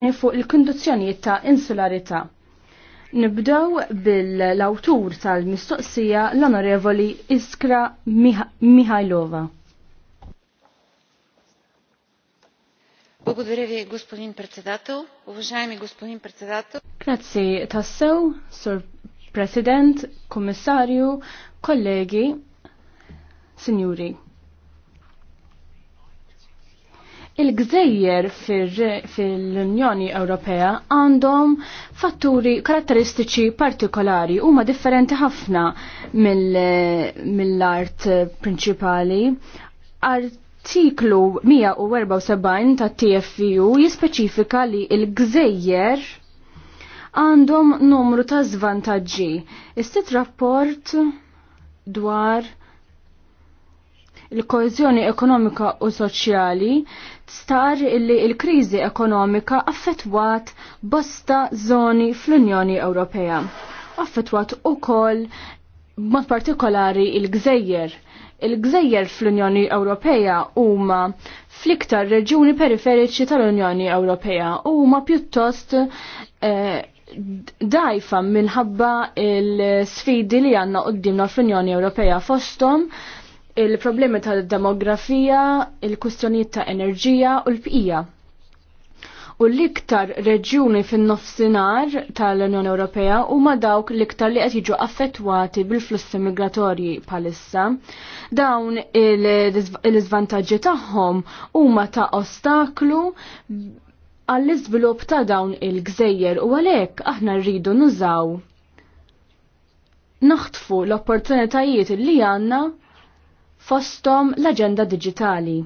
Eh, fuq il-kondizzjonijiet ta' insularità. Nibdew bil-awtur tal-mistoqsija l-Onorevoli Iskra Mihajlova. Благодаря ви, господин председател. Уважаеми господин председател. Граци тасел, сур президент, комисарио, колеги, сеньори. il-gżejjer fil-Unjoni Ewropea għandhom fatturi karatteristiċi partikolari huma differenti ħafna mill-art prinċipali. Artiklu 174 ta' TFU jispeċifika li il-gżejjer għandhom numru ta' zvantaġġi. Istit rapport dwar il-koezjoni ekonomika u soċjali star illi il-kriżi ekonomika affettwat bosta zoni fl-Unjoni Ewropea. Affettwat ukoll mod partikolari il-Gżejjer. Il-Gżejjer fl-Unjoni Ewropea huma fl-iktar reġjuni periferiċi tal-Unjoni Ewropea huma pjuttost eh, dajfa minħabba l sfidi li għanna qoddimna fl-Unjoni Ewropea fostom il-problemi ta' demografija il-kustjonijiet ta' enerġija u l-bqija. U l-iktar reġjuni fin-nofsinhar tal-Unjoni Ewropea huma dawk l-iktar li qed jiġu affettwati bil-flussi migratorji bħalissa. Dawn il-iżvantaġġi tagħhom huma ta' ostaklu għall-iżvilupp ta' dawn il-gżejjer u għalhekk aħna rridu nużaw naħtfu l-opportunitajiet li għandna fostom l-Aġenda Digitali.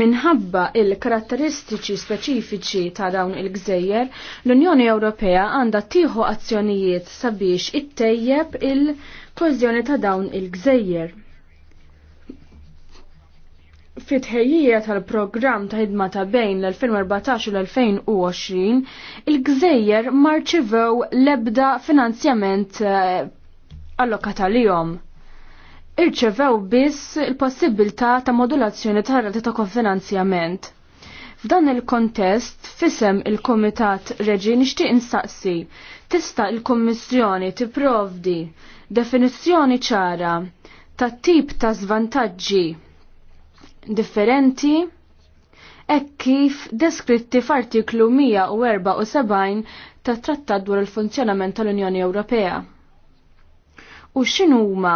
Minħabba il-karatteristiċi speċifiċi ta' dawn il-gżejjer, l-Unjoni Ewropea għandha tieħu azzjonijiet sabiex ittejjeb il-kożjoni ta' dawn il-gżejjer. Fitħejjija tal-programm ta' ħidma ta' bejn l-2014 u l-2020, il-gżejjer marċivew l-ebda finanzjament eh, allokata jom. Irċevew biss il-possibilità ta' modulazzjoni ta' rati ta' kofinanzjament. F'dan il-kontest, fisem il-Komitat Reġi nixtieq instaqsi, tista' il-Kommissjoni tipprovdi definizzjoni ċara ta' tip ta' zvantaġġi differenti e kif deskritti f'artiklu 174 ta' Trattat dwar il-funzjonament tal-Unjoni Ewropea u x'inhuma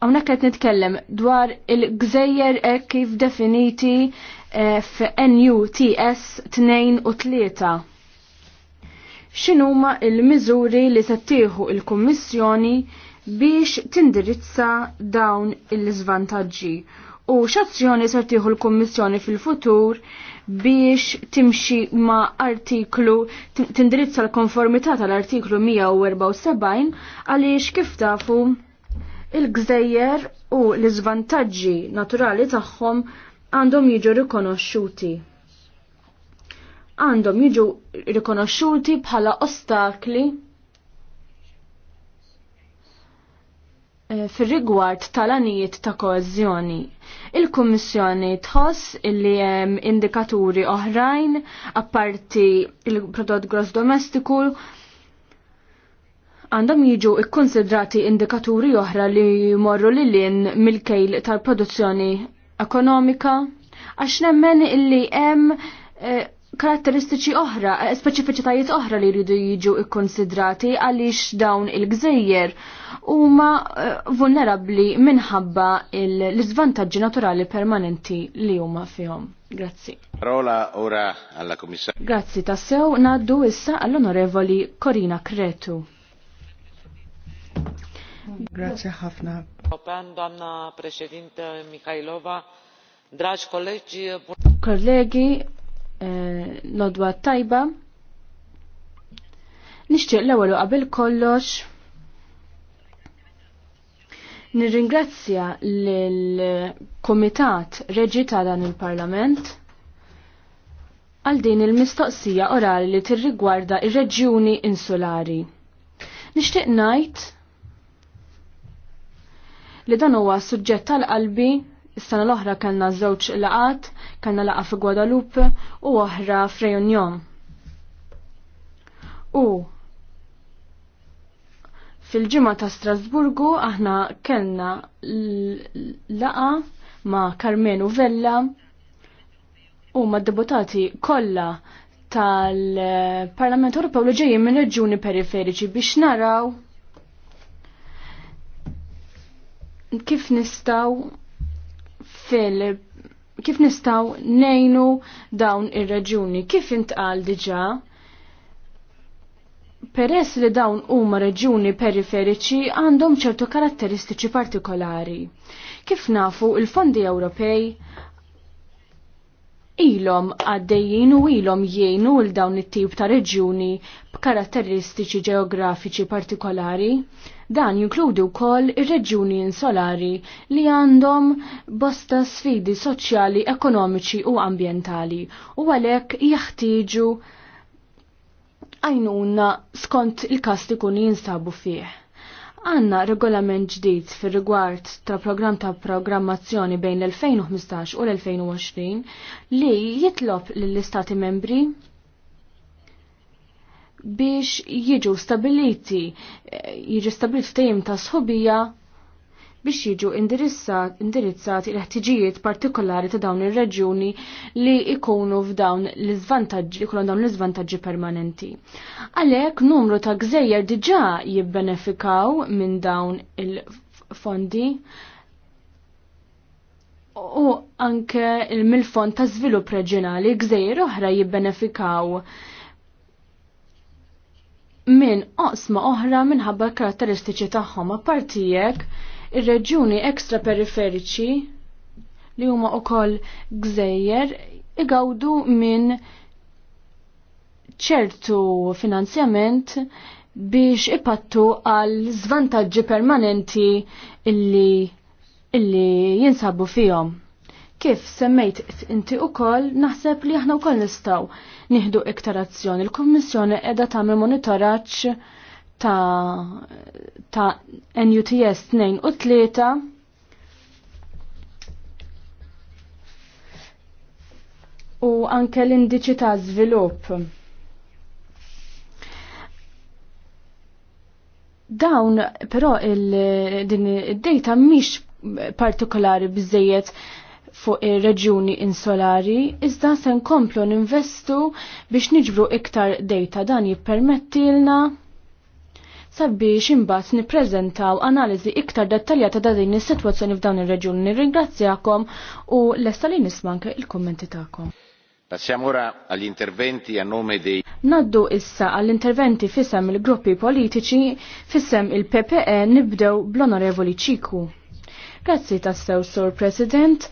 Għamnek għet nitkellem dwar il-gżejjer ek kif definiti e, f'NUTS 2 u 3. X'inhuma il-miżuri li settieħu il-Kummissjoni biex tindirizza dawn il zvantagġi u x'azzjoni se tieħu l-Kummissjoni fil-futur biex timxi ma' artiklu tindirizza l-konformità tal-artiklu 174 għaliex kif tafu il-gżejjer u l-iżvantaġġi naturali tagħhom għandhom jiġu rikonoxxuti. Għandhom jiġu rikonoxxuti bħala ostakli Eh, fir-rigward tal-anijiet ta' koezzjoni, Il-Kummissjoni tħoss illi hemm indikaturi oħrajn apparti il-prodott gross domestiku għandhom jiġu ikkonsidrati indikaturi oħra li jmorru li lin mill-kejl tal-produzzjoni ekonomika għax nemmen illi hemm eh, karatteristiċi oħra, eh, speċifiċitajiet oħra li jridu jiġu ikkonsidrati għaliex dawn il-gżejjer huma eh, vulnerabbli minħabba l-iżvantaġġi naturali permanenti li huma fihom. Grazzi. Parola ora alla Kommissarju. Grazzi tassew naddu issa għall-Onorevoli Corina Kretu. Grazie ħafna. European, donna președintă Mikhailova, dragi kollegi. Kollegi, nodwa eh, tajba. Nixtieq l-ewwel qabel kollox Nirringrazzja lill-Kumitat Reġi ta' dan il-Parlament għal din il-mistoqsija orali li tirrigwarda ir-reġjuni insulari. Nixtieq ngħid li dan huwa suġġett tal-qalbi Is-sena l-oħra kellna żewġ laqat, kellna laqa fi Guadalupe u oħra f'Reunion. U fil-ġimgħa ta' Strasburgu aħna kellna laqa ma' Carmenu Vella u ma' deputati kollha tal-Parlament Ewropew li ġejjin minn reġjuni periferiċi biex naraw kif nistgħu fil- kif nistaw nejnu dawn ir-reġuni. Kif intqal diġa? Peress li dawn huma reġuni periferiċi għandhom ċertu karatteristiċi partikolari. Kif nafu il-fondi Ewropej ilhom għaddejjin u ilhom jgħinu l dawn it-tip ta' reġjuni b'karatteristiċi ġeografiċi partikolari. Dan jinkludi wkoll ir-reġjuni insolari li għandhom bosta sfidi soċjali, ekonomiċi u ambjentali u għalhekk jeħtieġu għajnuna skont il-kas li kun jinsabu fih għanna regolament ġdid fir rigward ta' program ta' programmazzjoni bejn l-2015 u l-2020 li jitlob lill-istati membri biex jiġu stabiliti, eh, jiġu stabiliti ftejim ta' sħubija biex jiġu indirizzati l-ħtiġijiet partikolari ta' dawn ir-reġjuni li ikunu f'dawn l-iżvantaġġi, ikunu dawn l-iżvantaġġi permanenti. Għalhekk numru ta' gżejjer diġà jibbenefikaw minn dawn il-fondi u anke mill-fond ta' żvilupp reġjonali gżejjer oħra jibbenefikaw minn oqsma oħra minħabba karatteristiċi tagħhom jekk Ir-reġjuni ekstra periferiċi li huma wkoll gżejjer igawdu minn ċertu finanzjament biex ipattu għal zvantaġġi permanenti illi, illi jinsabu fihom. Kif semmejt inti u koll, naħseb li aħna u koll nistaw nieħdu iktar azzjoni. Il-Kommissjoni edha tagħmel monitoraġġ ta', ta NUTS 2 u 3 u anke l-indiċi ta' żvilupp. Dawn però din id-data mhix partikolari biżejjed fuq ir-reġjuni insolari, iżda se nkomplu investu biex niġbru iktar data dan jippermettilna sabiex imbagħad nippreżentaw analiżi iktar dettaljata ta' din is-sitwazzjoni f'dawn ir-reġjuni. Nirringrazzjakom u lesta li nisma' anke il-kummenti tagħkom. Passiamo ora agli interventi a nome dei... Naddu issa għall-interventi fissem il-gruppi politiċi fissem il-PPE nibdew bl-onorevoli Ciku. Grazzi tassew, Sur President.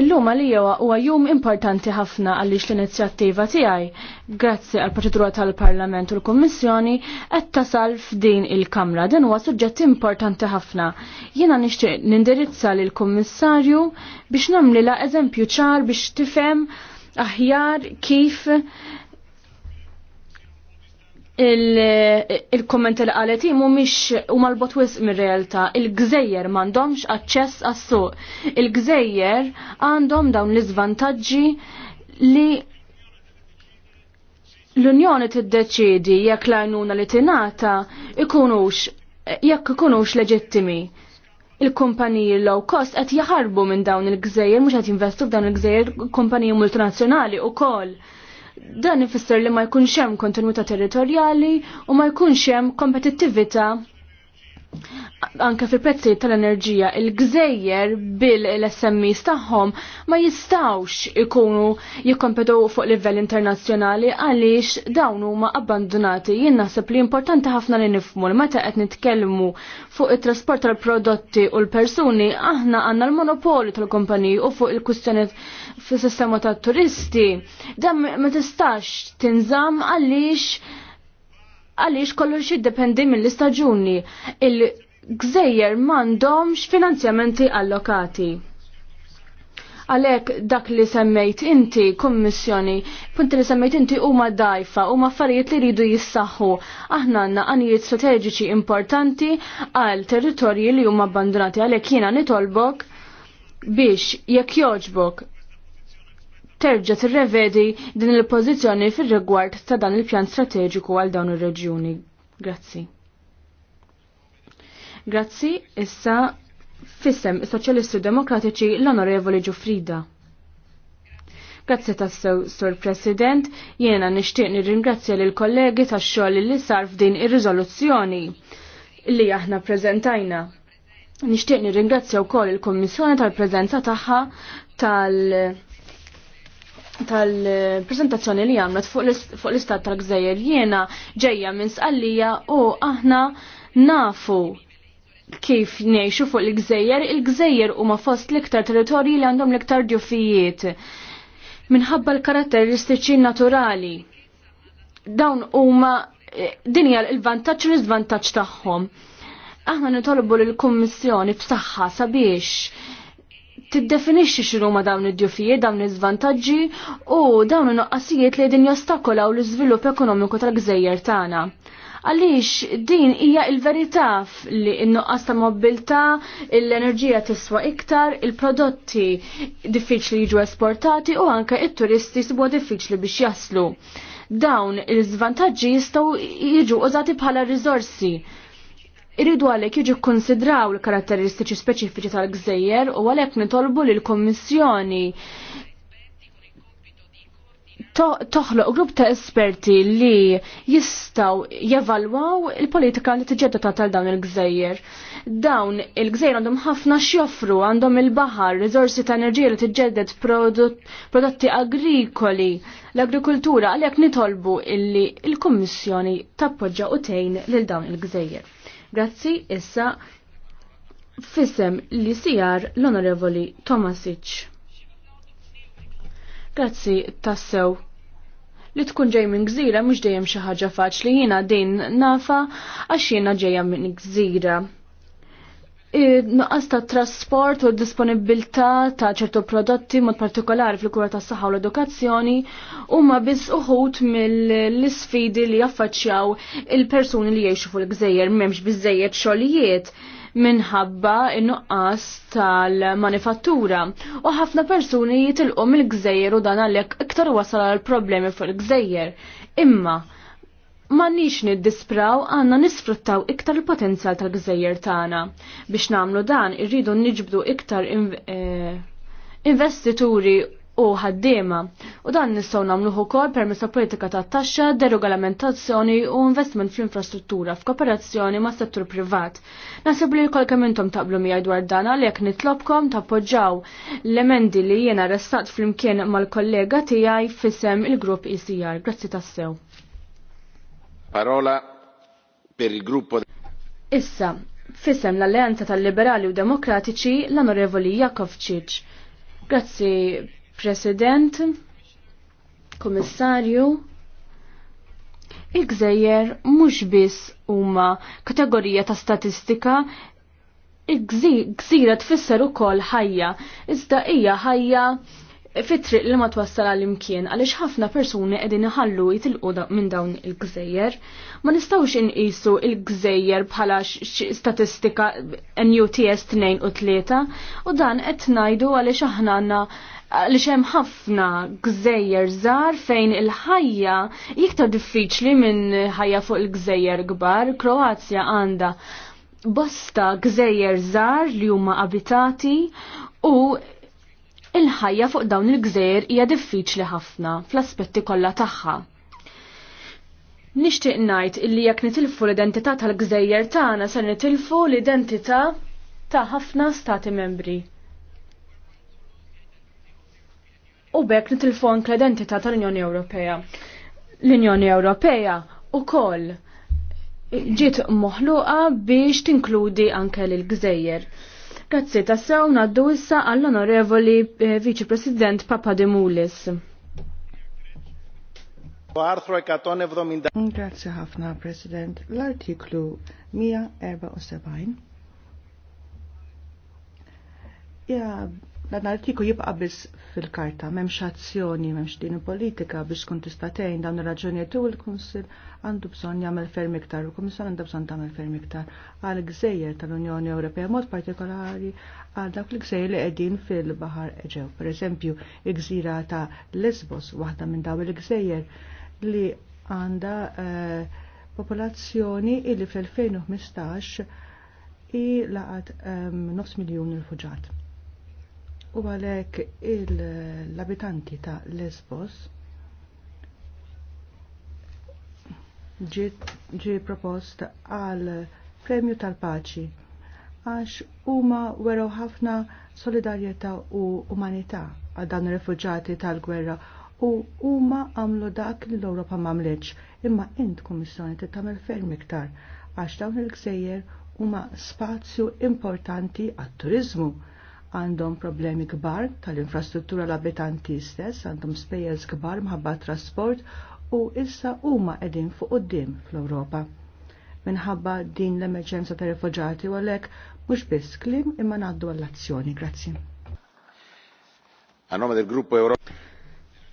Illum għalija huwa jum importanti ħafna għaliex l-inizjattiva tiegħi, grazzi għal proċedura tal-Parlament u l-Kummissjoni, qed tasal f'din il-Kamra. Din huwa suġġett importanti ħafna. Jiena nixtieq nindirizza lil kummissarju biex la eżempju ċar biex tifhem aħjar kif il-komment il li qalet mu mix u malbot wisq mir realtà il-gżejjer m'għandhomx aċċess għas-suq. Il-gżejjer għandhom dawn l-iżvantaġġi li l-Unjoni tiddeċiedi jekk l-għajnuna li tingħata ikunux jekk ikunux leġittimi. Il-kumpaniji low cost qed jaħarbu minn dawn il-gżejjer mhux qed jinvestu f'dawn il-gżejjer kumpaniji multinazzjonali wkoll dan ifisser li ma jkunx hemm kontinuità territorjali u ma jkunx hemm kompetittività anke fil-prezzi tal-enerġija il-gżejjer bil-SMEs tagħhom ma jistawx ikunu jikkompetu fuq livell internazzjonali għaliex dawn huma abbandonati. Jien naħseb li importanti ħafna li nifmu li meta qed nitkellmu fuq it-trasport tal-prodotti u l-persuni aħna għandna l-monopolju tal-kumpaniji u fuq il-kwistjoni fis-sistema tat-turisti. Dan ma tistax tinżamm għaliex għaliex kollox jiddependi mill-istaġuni gżejjer m'għandhomx finanzjamenti allokati. Għalek dak li semmejt inti, kummissjoni, punti li semmejt inti huma dajfa, huma affarijiet li rridu jissaħħu. Aħna għandna għanijiet strateġiċi importanti għal territorji li huma abbandonati għalek jiena nitolbok biex jekk joġbok terġa' tirrevedi din il-pożizzjoni fir-rigward ta' dan il-pjan strateġiku għal dawn ir-reġjuni. Grazzi. Grazzi, issa fissem is-Soċjalisti Demokratiċi l-Onorevoli Ġufrida. Grazzi tassew, Sur President, jiena nixtieq nirringrazzja lil kollegi tax-xogħol li sar f'din ir-riżoluzzjoni li aħna preżentajna. Nixtieq nirringrazzja wkoll il-Kummissjoni tal-preżenza tagħha tal- tal-prezentazzjoni li għamlet fuq l-istat tal-gżejjer jiena ġejja minn sqallija u aħna nafu kif nejxu fuq l-gżejjer, il-gżejjer huma fost l-iktar territorji li għandhom l-iktar djufijiet minħabba l-karatteristiċi naturali. Dawn huma eh, dinja l-vantaġġ u l-iżvantaġġ tagħhom. Aħna nitolbu lill-Kummissjoni f'saħħa sabiex tiddefinixxi ma dawn id-djufijiet, dawn iż-żvantaġġi u dawn in-noqqasijiet li din jostakolaw l-iżvilupp ekonomiku tal-Gżejjer tagħna. Għaliex din hija il-verità li n qasta ta' mobilità, l-enerġija tiswa iktar, il-prodotti diffiċli jiġu esportati u anke il turisti sibu diffiċli biex jaslu. Dawn il-żvantaġġi jistgħu jiġu użati bħala rizorsi. Irridu għalek jiġu konsidraw l-karatteristiċi speċifiċi tal-gżejjer u għalek nitolbu l-Kommissjoni toħloq grupp ta' esperti li jistaw jevalwaw il-politika li tiġedda ta' tal dawn il-gżejjer. Dawn il gżegjer għandhom ħafna xjoffru, għandhom il-bahar, rizorsi ta' enerġija li tiġeddet prodotti agrikoli, l-agrikultura, għalhekk nitolbu illi il-Kummissjoni tappoġġa u tejn lil dawn il-gżejjer. Grazzi issa fissem li sijar l-Onorevoli Tomasic. Grazzi tassew li tkun ġej minn gżira mhux dejjem xi ħaġa faċli jiena din nafa għax jiena ġejja minn gżira. Nuqqas ta' trasport u disponibilità ta' ċertu prodotti mod partikolari fil-kura ta' saħħa u l-edukazzjoni huma biss uħut mill-isfidi li jaffaċċjaw il-persuni li jgħixu fuq il-gżejjer m'hemmx biżejjed xogħlijiet minħabba in-nuqqas tal-manifattura u ħafna persuni jitilqu mill-gżejjer u dan għalhekk iktar wasal għal problemi fuq il-gżejjer. Imma m'għandniex niddispraw għandna nisfruttaw iktar il-potenzjal tal-gżejjer tagħna. Biex nagħmlu dan irridu niġbdu iktar eh, investituri u ħaddiema. U dan nistgħu nagħmluh ukoll permezz politika ta' taxxa, deregolamentazzjoni u investment fl-infrastruttura f'kooperazzjoni ma' settur privat. Nasib li kol kemm intom taqblu miegħi dwar dan għalhekk nitlobkom tappoġġaw l-emendi li jiena restat flimkien mal-kollega tiegħi fisem il-grupp ICR. E Grazzi tassew. Parola per il gruppo Issa, fisem l-Alleanza tal-Liberali u Demokratiċi l-Onorevoli Jakov Ċiċ. Grazzi, President, Komissarju, il-gżejjer mhux biss huma kategorija ta' statistika, il-gżira tfisser ukoll ħajja, iżda hija ħajja fit-triq li ma twassal għal-imkien għaliex ħafna persuni qegħdin iħallu jitilqu minn dawn il-gżejjer. Ma nistgħux inqisu il-gżejjer bħala statistika NUTS 2 u 3 u dan qed ngħidu għaliex aħna għandna li xem ħafna gżejjer żgħar fejn il-ħajja iktar diffiċli minn ħajja fuq il-gżejjer kbar. Kroazja għandha bosta gżejjer żgħar li huma abitati u il-ħajja fuq dawn il-gżejjer hija diffiċli ħafna fl-aspetti kollha tagħha. Nixtieq ngħid illi jekk nitilfu l-identità tal-gżejjer tagħna se nitilfu l-identità ta' ħafna stati membri. u bekk nitilfon l-identità tal-Unjoni Ewropea. L-Unjoni Ewropea u koll ġiet moħluqa biex tinkludi anke l-Gżejjer. Grazzi tassew naddu issa għall-Onorevoli eh, Viċi President Papa de Mulis. Grazie ħafna, President. L-artiklu 174 ja dan artiku jibqa' biss fil-karta, m'hemmx azzjoni, m'hemmx din politika biex tkun tista' tgħin dawn ir raġuni u l-Kunsill għandu bżonn jagħmel ferm iktar, u kummissar għandha bżonn tagħmel ferm iktar għal gżejjer tal-Unjoni Ewropea mod partikolari għal dawk l-gżejjer li qegħdin fil-Baħar Eġew. Pereżempju, l-gżira ta' Lesbos, waħda minn dawn il-gżejjer li għandha eh, popolazzjoni illi fl-2015 i laqat ehm, nofs 9 miljon rifuġat. U għalek l-abitanti ta' Lesbos ġi propost għal premju tal-paċi għax huma weru ħafna solidarjetà u umanità għal dan ir-refuġati tal-gwerra u huma għamlu dak li l-Ewropa m'għamlitx imma int kummissjoni ti tagħmel ferm iktar għax dawn il-gżejjer huma spazju importanti għat-turiżmu għandhom problemi kbar tal-infrastruttura l-abitanti stess, għandhom spejjeż kbar mħabba trasport u issa huma qegħdin fuq quddiem fl-Ewropa. Minħabba din l-emerġenza ta' rifuġati u għalhekk mhux biss klim imma ngħaddu għall-azzjoni. Grazzi. A nome del gruppo Europa.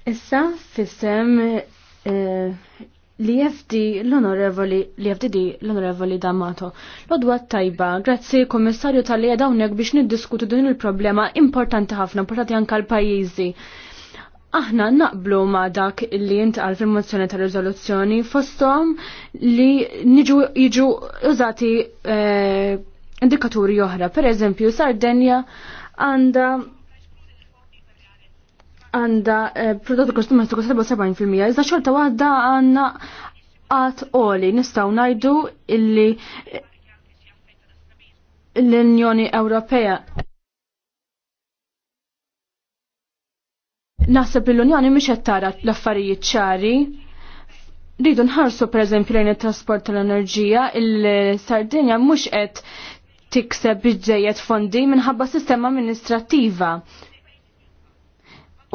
Issa fissem eh, li jefdi l-onorevoli, li jefdi di l-onorevoli Damato. Lodwa tajba, grazzi komissarju tal-li għedawnek biex niddiskutu din il-problema importanti ħafna, importanti anka l-pajizi. Aħna naqblu ma dak li jintqal fil-mozzjoni ta' rezoluzzjoni fostom li jiġu użati eh, indikaturi oħra. Per eżempju, Sardenja għanda għanda prodotti kostumatiku 77% iżda xorta għadda għanna għat oli nistaw najdu illi eh, l-Unjoni Ewropea naħseb li l-Unjoni miex qed tara l-affarijiet ċari. Rridu nħarsu pereżempju lejn it-trasport tal-enerġija, il-Sardinja mhux qed tikseb biġġejjed fondi minħabba sistema amministrattiva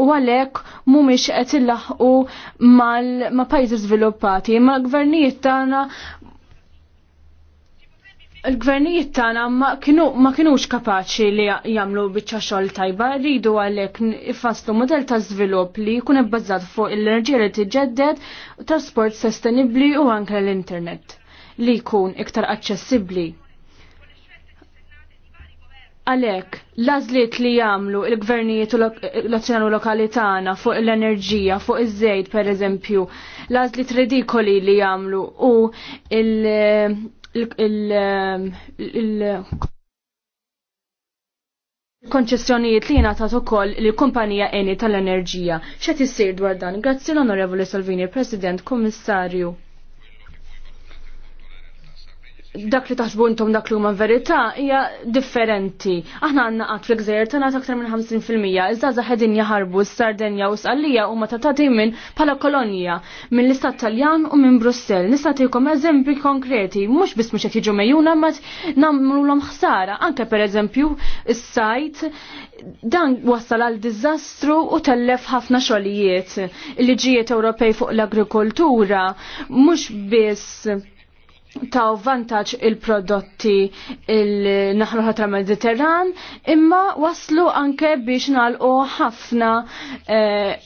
u għalek mumiex qed illaħqu ma' pajjiżi żviluppati, ma' gvernijiet tagħna il-gvernijiet tagħna ma kienu ma kinux kapaċi li jagħmlu biċċa xogħol tajba, rridu għalhekk ifasslu modell ta' żvilupp li jkun ibbażat fuq l-enerġija li tiġġedded, trasport sostenibbli u anke l-internet li jkun iktar aċċessibbli. Għalek, lażliet li jagħmlu il-gvernijiet u l-azzjonu lokali tagħna fuq l-enerġija, fuq iż-żejt pereżempju, lażliet ridikoli li jagħmlu u il- konċessjonijiet li ta' ukoll li kumpanija eni tal-enerġija. X'qed issir dwar dan? Grazzi l-Onorevoli Salvini, President, Kummissarju dak li taħsbu intom dak li huma verità hija differenti. Aħna għandna qatt fl gżejjer tagħna aktar minn 50% iż-żgħażagħ qegħdin jaħarbu s-Sardenja u s-Qallija huma tatati minn bħala kolonija mill-Istat Taljan u minn Brussell. Nista' tgħidkom eżempji konkreti, mhux biss mhux qed jiġu mejjuna ma nagħmluhom ħsara. Anke pereżempju is-sajt dan wassal għal diżastru u tellef ħafna xogħlijiet. Il-liġijiet Ewropej fuq l-agrikoltura mhux biss ta' vantaġġ il-prodotti il-naħru ħatra mediterran imma waslu anke biex nalqu ħafna eh,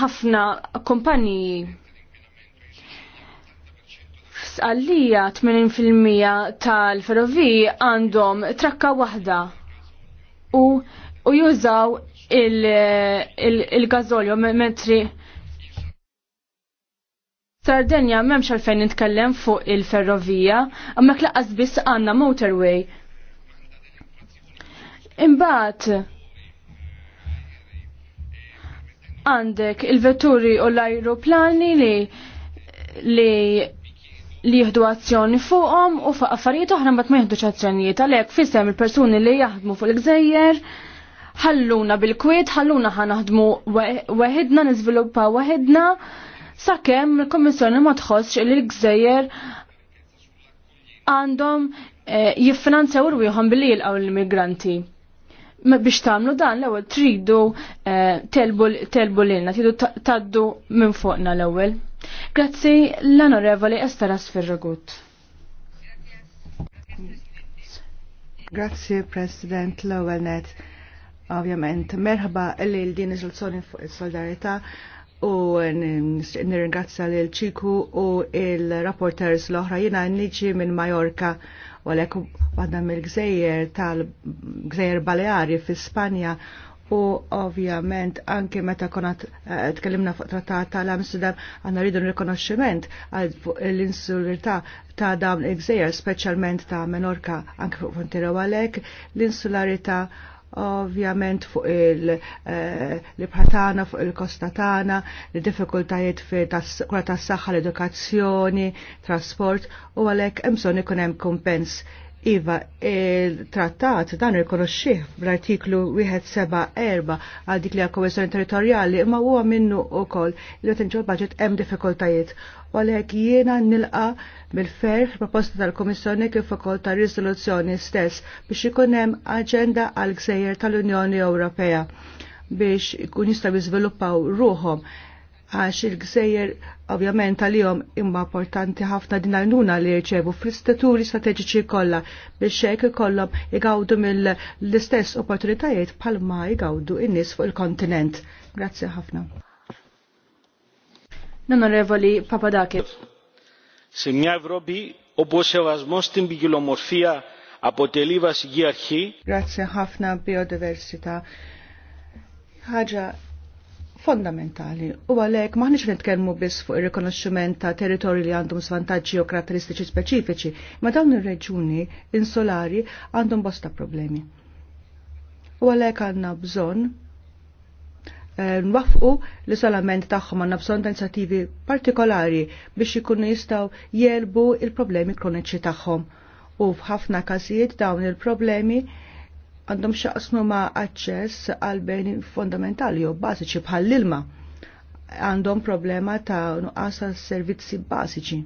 ħafna eh, kumpaniji. F'sqallija 80% tal-ferroviji għandhom trakka waħda u, u jużaw il gazolju il, il metri Sardegna memx għalfejn nitkellem fuq il-ferrovija, għamma klaqqas biss għanna motorway. Imbat, għandek il-vetturi u l-aeroplani li li li jihdu azzjoni fuqhom u fuq affarijiet oħra ma jieħdux azzjonijiet għalhekk fissem il-persuni li jaħdmu fuq il-gżejjer ħalluna bil-kwiet, ħalluna ħanaħdmu weħedna, nizviluppa weħedna sakemm il-Kommissjoni ma tħossx li l-Gżejjer għandhom eh, jiffinanzjaw irwieħhom billi jilqgħu l-immigranti biex tamlu dan l-ewwel tridu eh, telbu lilna, tridu taddu minn fuqna l-ewwel. Grazzi l-Onorevoli Esther Asferragut. Grazzi President l-ewwel net. Ovvjament, merħba li l-din iżoluzzjoni fuq is-solidarità u nirringazza lil ċiku u il-rapporters l-oħra jina niġi minn Majorka u għalek għadna mill-gżejjer tal-gżejjer Baleari fi Spanja u ovvjament anke meta konat eh, tkellimna fuq trattat tal-Amsterdam għanna rridu rikonoxximent l insulirta ta' dawn il-gżejjer, specialment ta' Menorka anke fuq Fontero għalek l-insularita ovvjament fuq il-libħatana, eh, fuq il-kostatana, il-difikultajiet fi kura tas saħħa l-edukazzjoni, trasport, u għalek emson ikun hemm kumpens Iva, il-trattat dan rikonoxxih bl-artiklu 174 għal dik li għal kohesjoni territorjali imma huwa minnu wkoll li tinġol budget hemm diffikultajiet. U għalhekk jiena nilqa mill-ferħ proposta tal-Komissjoni kif ukoll ta' riżoluzzjoni stess biex ikun hemm aġenda għal gżejjer tal-Unjoni Ewropea biex ikun jistgħu jiżviluppaw ruhom għax il-gżejjer ovvjament għalihom imma importanti ħafna din għajnuna li rċevu fl-istaturi strateġiċi kollha biex hekk ikollhom igawdu mill-istess opportunitajiet bħalma igawdu in-nies fuq il-kontinent. Grazzi ħafna. L-Onorevoli Papadakis. Σε μια u όπου ο σεβασμός στην ποικιλομορφία Grazie ħafna biodiversità. Ħaġa fondamentali. U għalek maħniċ nitkellmu biss fuq ir-rikonoxximent ta' territorju li għandhom svantaġġi u karatteristiċi speċifiċi, ma dawn ir-reġuni insolari għandhom bosta problemi. U għalek għandna bżonn eh, nwaffqu li solament tagħhom għandna bżonn ta' inizjattivi partikolari biex ikunu jistgħu jelbu il-problemi kroniċi tagħhom. U f'ħafna każijiet dawn il-problemi il problemi għandhom xaqsnu ma' aċċess għal beni fondamentali jew bażiċi bħal l-ilma. Għandhom problema ta' nuqqas servizzi bażiċi.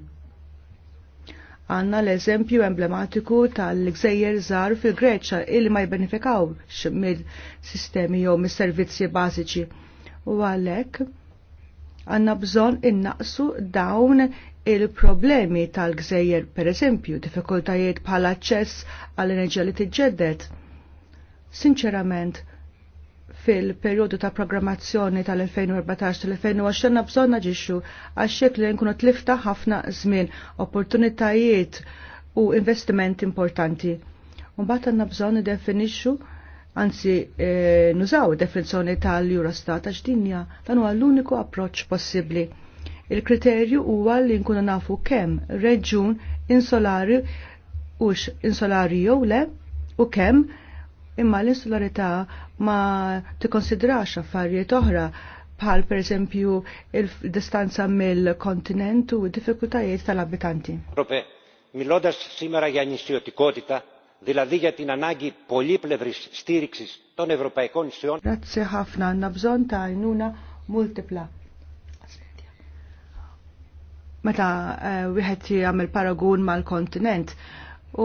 Għanna l-eżempju emblematiku tal-gżejjer żar fil-Greċa illi ma jbenifikaw mill-sistemi jew mis-servizzi bażiċi. U għalhekk għandna bżonn innaqsu dawn il-problemi tal-gżejjer, per eżempju, diffikultajiet bħal aċċess għall-enerġija li tiġġedded Sinċerament, fil-periodu ta' programmazzjoni tal-2014-2020 bżonna ġixxu għaxek li nkunu tlifta ħafna żmien, opportunitajiet u investiment importanti. Mbagħad għandna bżonn definixxu anzi e, nużaw definizzjoni tal-Eurostat għax dinja dan huwa l-uniku approċċ possibbli. Il-kriterju huwa li nkunu nafu kemm reġjun insolari ux insolari jew le u kemm imma l-insularità ma tikkonsidrax affarijiet oħra bħal per eżempju il-distanza mill-kontinent u d-diffikultajiet tal-abitanti. Μιλώντας σήμερα για νησιωτικότητα, dilla dija την ανάγκη πολύπλευρης στήριξης ton Evropaj νησιών. Grazie ħafna, għanna bżon ta' jnuna multipla. Meta eh, wieħed jagħmel paragun mal-kontinent,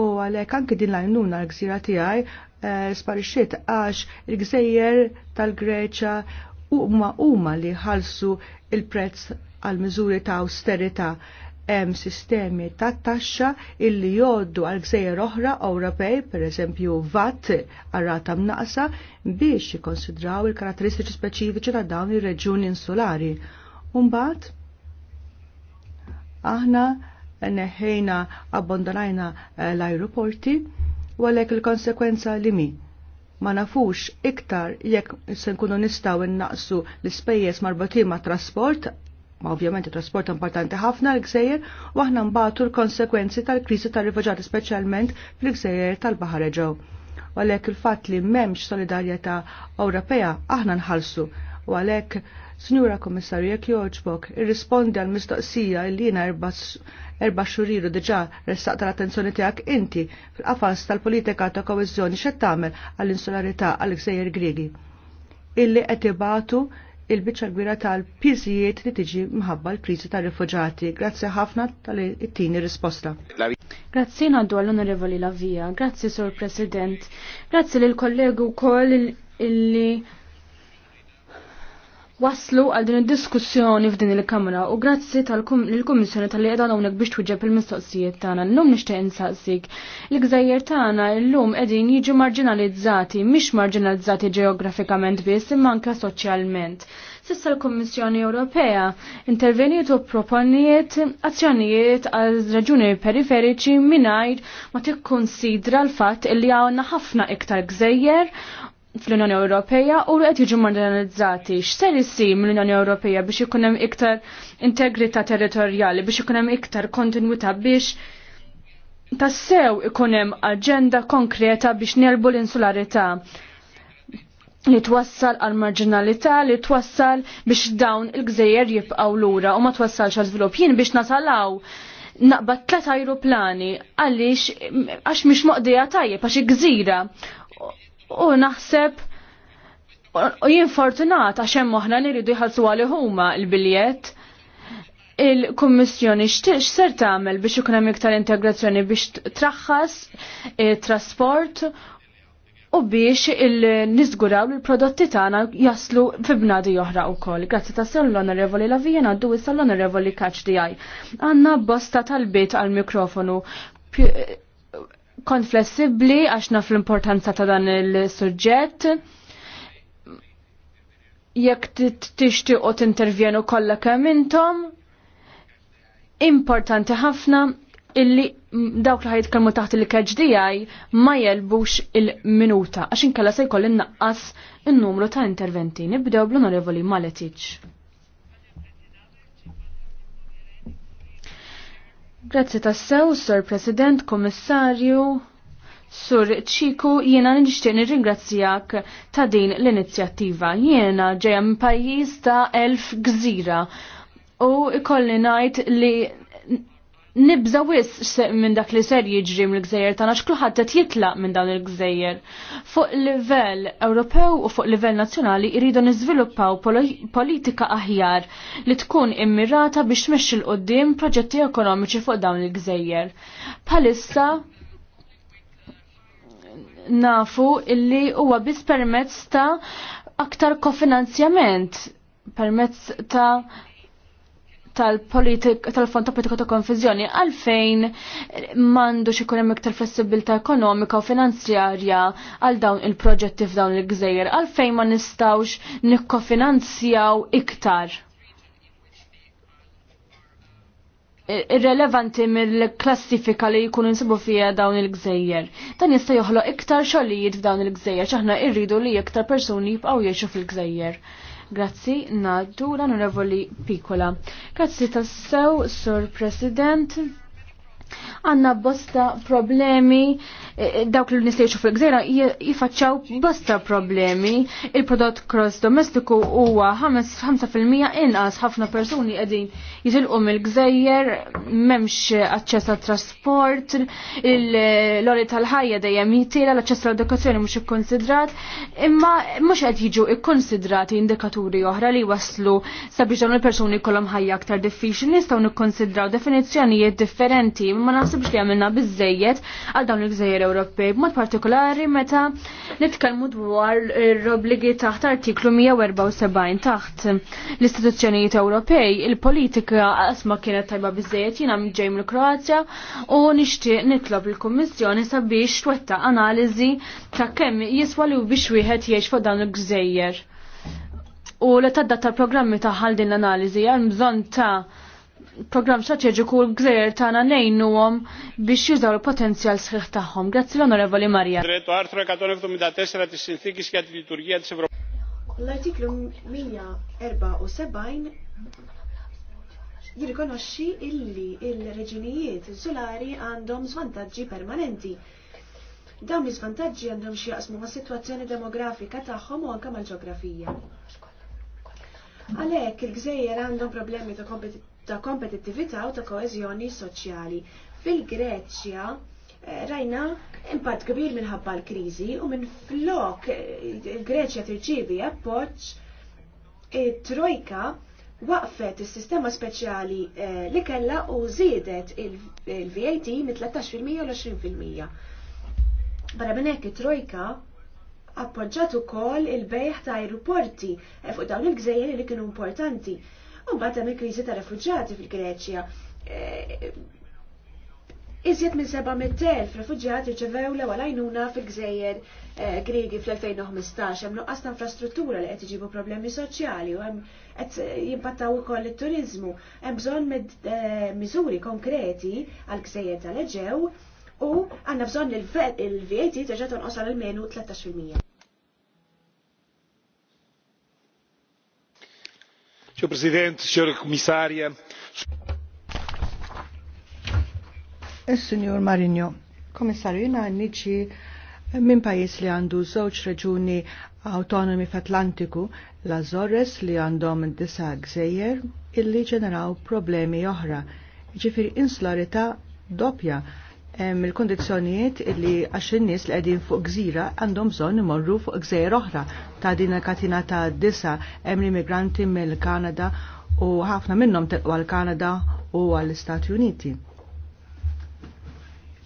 u għalhekk anke din l-għajnuna l-gżira tiegħi Eh, sparixxiet għax il-gżejjer tal-Greċa huma huma li ħalsu il-prezz għal miżuri ta' austerità hemm sistemi ta' taxxa illi joddu għal gżejjer oħra Ewropej, pereżempju VAT għarrata mnaqsa, biex jikkonsidraw il-karatteristiċi speċifiċi ta' dawn ir-reġjuni insulari. mbagħad aħna neħejna abbandonajna eh, l ajruporti u għalhekk il-konsekwenza li mi. Ma nafux iktar jekk se nkunu nistgħu innaqsu l-ispejjeż marbutin ma' trasport, ma' ovvjament trasport importanti ħafna l-gżejjer, u aħna mbagħtu l-konsekwenzi tal-kriżi tar-rifuġati speċjalment fil gżejjer tal-Baħar Eġew. U għalhekk il-fatt li m'hemmx solidarjetà Ewropea aħna nħallsu u għalhekk Snura Komissarju, jekk joġbok, irrispondi għal mistoqsija li jina erba xuriru diġa restaqta l-attenzjoni tijak inti fil-qafas tal-politika ta' koezzjoni xed tagħmel għall-insularità għall-gżejjer gregi. illi qed il-biċċa gbira tal pizijiet li tiġi mħabba l-kriżi tar-rifuġati. Grazzi ħafna tal-ittini risposta. Grazzi għaddu għall-Onorevoli Lavija, grazzi Sur President, grazzi l kollegu wkoll illi waslu għal din id-diskussjoni f'din il-Kamra u grazzi tal-Kummissjoni tal-li qiegħda hawnhekk biex tweġeb il-mistoqsijiet tagħna. Llum nixtieq insaqsik. L-gżejjer tagħna llum qegħdin jiġu marginalizzati, mhix marginalizzati ġeografikament biss imma anke soċjalment. Sissa l-Kommissjoni Ewropea interveniet u proponiet azzjonijiet għal raġuni periferiċi mingħajr ma tikkunsidra l-fatt li għawna ħafna iktar gżejjer fl-Unjoni Ewropea u qed jiġu modernizzati. X'ser isir mill-Unjoni Ewropea biex ikun hemm iktar integrità territorjali, biex ikun hemm iktar kontinwità biex tassew ikun hemm aġenda konkreta biex nerbu l-insularità li twassal għal marġinalità li twassal biex dawn il-gżejjer jibqgħu lura u ma twassalx għal żvilupp. Jien biex nasalaw naqbad tlet ajruplani għaliex għax mhix moqdija tajjeb għax gżira u naħseb u jinfortunat għax hemm oħra li jħallsu għali huma l-biljett il-Kummissjoni x'tiex ser tagħmel biex ikun hemm iktar integrazzjoni biex traħħas trasport u biex il-nizguraw il-prodotti tagħna jaslu fi bnadi oħra wkoll. Grazzi ta' sew l-Onorevoli Lavijena għaddu issa l-Onorevoli Kaċ DI. Għandna bosta tal-bit għal-mikrofonu Kont flessibli għax naf l-importanza ta' dan il-suġġett. Jekk t-tixti u tintervjenu kollha kemm intom, importanti ħafna illi dawk li ħajitkellmu taħt il-KHDI ma jelbux il-minuta għax inkella se jkoll innaqqas in-numru ta' interventi. Nibdew bl-Onorevoli Maletic. Grazzi tassew, Sir President, Kommissarju, Sur Ċiku, jiena nixtieq nirringrazzjak ta' din l-inizjattiva. Jiena ġejja minn pajjiż ta' elf gżira u ikolli ngħid li nibza wis minn dak li ser jiġri mill gżejjer tagħna x'kulħadd qed jitlaq minn dawn il-gżejjer. Fuq livell Ewropew u fuq livell nazzjonali jridu niżviluppaw politika aħjar li tkun immirata biex tmexxi l qoddim proġetti ekonomiċi fuq dawn il-gżejjer. Bħalissa nafu illi huwa biss permezz ta' aktar kofinanzjament permezz ta' tal fond ta' politika ta' konfizjoni għalfejn m'għandux ikun hemm iktar flessibilità ekonomika u finanzjarja għal dawn il-proġetti f'dawn il-gżejjer għalfejn ma nistgħux nikkofinanzjaw iktar. irrelevanti mill-klassifika li jkunu nsibu fija dawn il-gżejjer. Dan jista' joħloq iktar xogħlijiet f'dawn il-gżejjer x'aħna rridu li iktar persuni jibqgħu jgħixu fil-gżejjer. Grazzi naddu l-onorevoli Piccola. Grazzi tassew, Sur President. Għanna bosta problemi, e, e, dawk li nistejxu fil-gżejra jifaċċaw bosta problemi. Il-prodott cross domestiku huwa 5% inqas ħafna persuni qegħdin jitilqu mill-gżejjer, m'hemmx aċċess għat trasport, l għoli tal-ħajja dejjem jitira, l-aċċess għall-edukazzjoni mhux ikkonsidrat, imma mhux qed jiġu ikkonsidrati indikaturi oħra li waslu sabiex dawn il-persuni kollhom ħajja aktar diffiċli nistgħu nikkonsidraw definizzjonijiet differenti ma naħsibx li għamilna bizzejiet għal dawn il-gżejjer Ewropej, b'mod partikolari meta nitkellmu dwar l-obligi taħt artiklu 174 taħt l-istituzzjonijiet Ewropej, il-politika asma kienet tajba bizzejiet jiena ġej mill-Kroazja u nixtieq nitlob il-Kummissjoni sabiex twetta analiżi ta' kemm jiswa li biex wieħed jgħix fuq dawn il-gżejjer. U l-tadda tal-programmi taħħal din l-analiżi għal bżonn ta' program strategiku l-gżer nejnu għom biex jużaw l potenzjal sħiħ tagħhom. Grazzi l-Onorevoli Marja. L-artiklu 174 jirrikonoxxi illi il-reġinijiet zolari għandhom svantaġġi permanenti. Dawn l zvantaġġi għandhom xi jaqsmu ma' sitwazzjoni demografika tagħhom u anke mal-ġeografija. Għalhekk il-Gżejjer għandhom problemi ta' kompetittività u ta' koeżjoni soċjali. Fil-Greċja eh, rajna impatt kbir minħabba l-kriżi u minn flok eh, il-Greċja tirċievi appoġġ it-trojka eh, waqfet is-sistema speċjali li kellha u zidet il-VAT mit 13% u l-20%. Barra minn hekk it-trojka appoġġat ukoll il-bejħ ta' aeroporti eh, fuq dawn il-gżejjer li kienu importanti. U mbagħad hemm il-kriżi ta' refuġjati fil-Greċja. Eh, iżjed minn 700,000 refuġjati ċevew l-ewwel għajnuna fil-gżejjer eh, Griegi fl-2015 hemm nuqqas ta' infrastruttura li qed iġibu problemi soċjali u hemm qed jimpattaw ukoll it-turiżmu. Hemm bżonn miżuri konkreti għal gżejjer tal-Eġew u għandna bżonn il-VAT terġa' tonqos għal menu 13%. Sr. Presidente, Sra. Commissária. E, signor Marinho, Komissarju, jiena niġi eh, minn pajjiż li għandu żewġ reġuni fl f'Atlantiku, l-Azores li għandhom disa gżejjer illi ġeneraw problemi oħra, ġifieri insularità doppja il kondizjoniet illi għax nies li qegħdin fuq gżira għandhom bżonn imorru fuq gżejjer oħra ta' din il-katina ta' disa hemm immigranti mill-Kanada u ħafna minnhom telqu għal kanada u għall-Istati Uniti.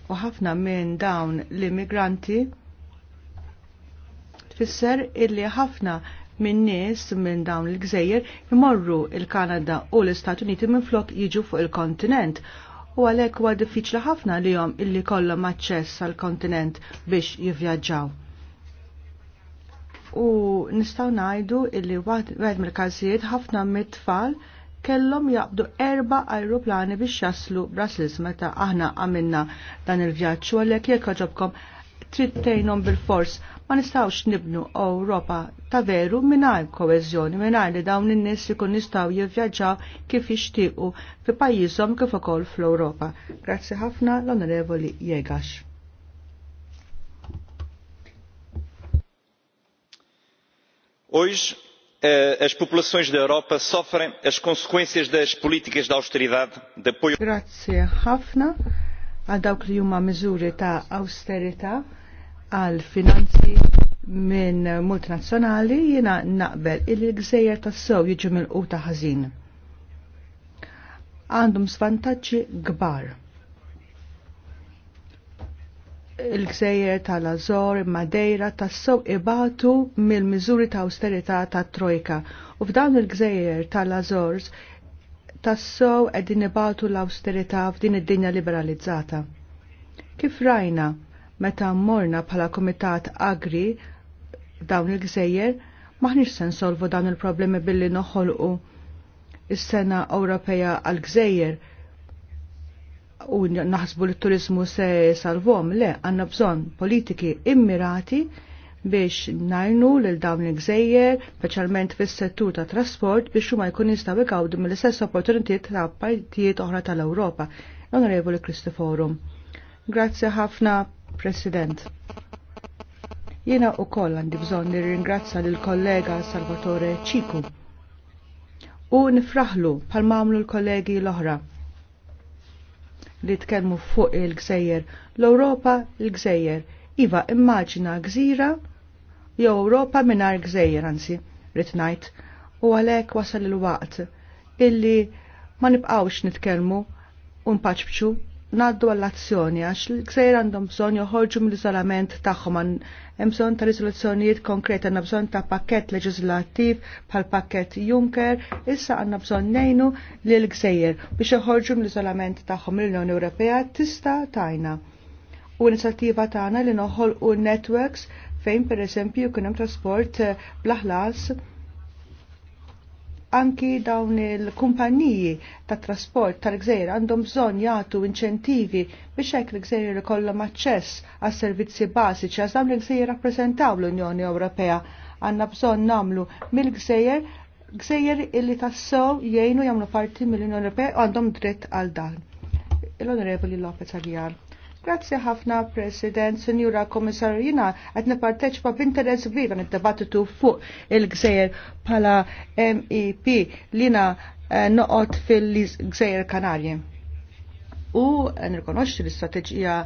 U ħafna minn dawn l-immigranti tfisser illi ħafna minn nies minn dawn l-gżejjer imorru il-Kanada u l-Istati Uniti minn flok jiġu fuq il-kontinent u għalhekk huwa diffiċli ħafna jom illi kollu aċċess għall kontinent biex jivvjaġġaw. U nistgħu ngħidu illi wieħed mill-każijiet ħafna mit-tfal kellhom jaqbdu erba ajruplani biex jaslu Brussels meta aħna għamilna dan il-vjaġġ u għalhekk jekk trid bil-fors. Ma nistawx nibnu Ewropa ta' veru mingħajr koeżjoni, mingħajr li dawn in-nies ikun nistaw jivvjaġġaw kif ixtiqu fi pajizom kif ukoll fl-Ewropa. Grazzi ħafna l-Onorevoli Jegax. Hoje, eh, as populações da Europa sofrem as consequências das políticas de austeridade, de apoio. Grazie, Hafna għal dawk li huma miżuri ta' austerità għal finanzi minn multinazzjonali jiena naqbel il l-gżejjer tas-sew jiġu mill ta' ħażin. Għandhom svantaġġi kbar. Il-gżejjer tal-Azor, Madeira tas-sew ibatu mill-miżuri ta' austerità ta' Trojka u f'dawn il-gżejjer tal ta' sew qegħdin ibatu l-austerità f'din id-dinja liberalizzata. Kif rajna? meta mmorna bħala Kumitat Agri dawn il-gżejjer, maħniex se nsolvu dawn il-problemi billi noħolqu is-sena Ewropea għal-gżejjer u naħsbu li turizmu se salvom, le, għanna bżon politiki immirati biex najnu lil dawn il gżejjer speċjalment fis-settur ta' trasport biex huma jkun jistgħu ikawdu mill-istess opportunitiet ta' pajtijiet oħra tal-Ewropa. Onorevoli Kristoforum. Grazzi ħafna, President. Jena u koll għandi bżon nirringrazza l kollega Salvatore Ciku u nifraħlu pal mamlu l-kollegi l-oħra li tkellmu fuq il-gżejjer l-Europa l-gżejjer. Iva immaġina gżira jew Europa minar gżejjer anzi, rrit ngħid, u għalhekk wasal il-waqt illi ma nibqgħux nitkellmu u paċbċu naddu għall-azzjoni għax l-gżejjer għandhom bżonn joħorġu mill-iżolament tagħhom hemm bżonn ta' riżoluzzjonijiet konkreti għandna bżonn ta' pakkett leġislattiv bħal pakket Juncker, issa għandna bżonn nejnu l gżejjer biex joħorġu mill-iżolament tagħhom l-Unjoni Ewropea tista' tajna. U inizjattiva tagħna li noħolqu networks fejn pereżempju jkun hemm trasport eh, blaħlas anki dawn il-kumpaniji ta' trasport tal-gżejjer għandhom bżonn jagħtu inċentivi biex hekk l-gżejjer ikollhom aċċess għas servizzi bażiċi għax dawn l-gżejjer rappreżentaw l-Unjoni Ewropea għandna bżonn nagħmlu mill-gżejjer gżejjer illi tassew jgħinu jagħmlu parti mill-Unjoni Ewropea għandhom dritt għal dan. l onorevoli Lopez Aguilar. Grazzi ħafna, President, Senjura Komissar, jina għed niparteċpa b'interess kbir dan id-debattitu fuq il-gżejjer pala MEP li eh, noqgħod noqot fil-gżejjer Kanarji. U eh, nirkonoxxi l-istrateġija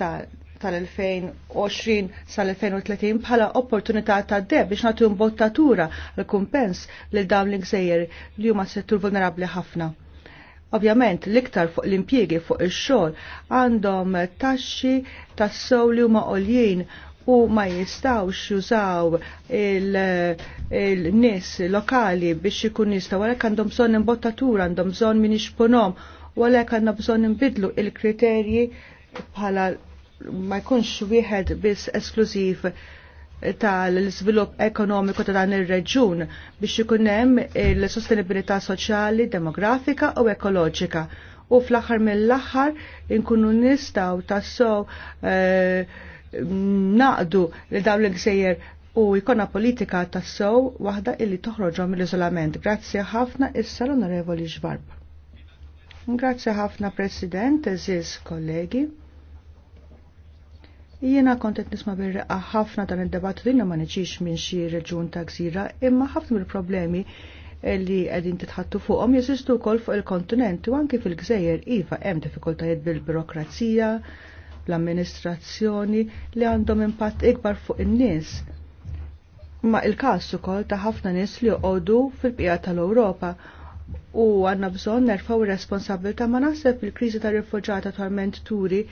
tal-2020 sal-2030 bħala opportunità ta' deb biex nagħtu mbottatura l-kumpens lil dawn l-gżejjer li huma settur vulnerabbli ħafna Ovvjament l-iktar fuq l-impjiegi fuq ix-xogħol għandhom taxxi tas soli li huma għoljien u ma jistawx jużaw il-nis il lokali biex ikun jistaw, għalhekk għandhom bżonn imbottatura, għandhom bżonn min ixponom, u għalhekk għandhom bżonn inbidlu il-kriterji bħala ma jkunx wieħed biss esklużiv tal svilup ekonomiku ta' dan ir-reġun biex ikun hemm il-sostenibilità soċjali, demografika u ekoloġika. U fl-aħħar mill-aħħar inkunu nistgħu tassew eh, naqdu li dawn l-gżejjer u jkollna politika tassew waħda illi toħroġhom mill-iżolament. Grazzi ħafna issa l-Onorevoli Ġvarb. Grazzi ħafna President, eżiż kollegi. Jiena kontet nisma birreqa ħafna dan il-debattu li ma neċiex minn xi reġun ta' gżira, imma ħafna mill-problemi li qegħdin titħattu fuqhom jeżistu wkoll fuq il-kontinent u anke fil-Gżejjer iva hemm diffikultajiet bil-birokrazija, l-amministrazzjoni li għandhom impatt ikbar fuq in-nies. Ma il-każ ukoll ta' ħafna nies li joqogħdu fil-bqija tal-Ewropa u għandna bżonn nerfaw r responsabilità ma naħseb il-kriżi tar-rifuġjati attualment turi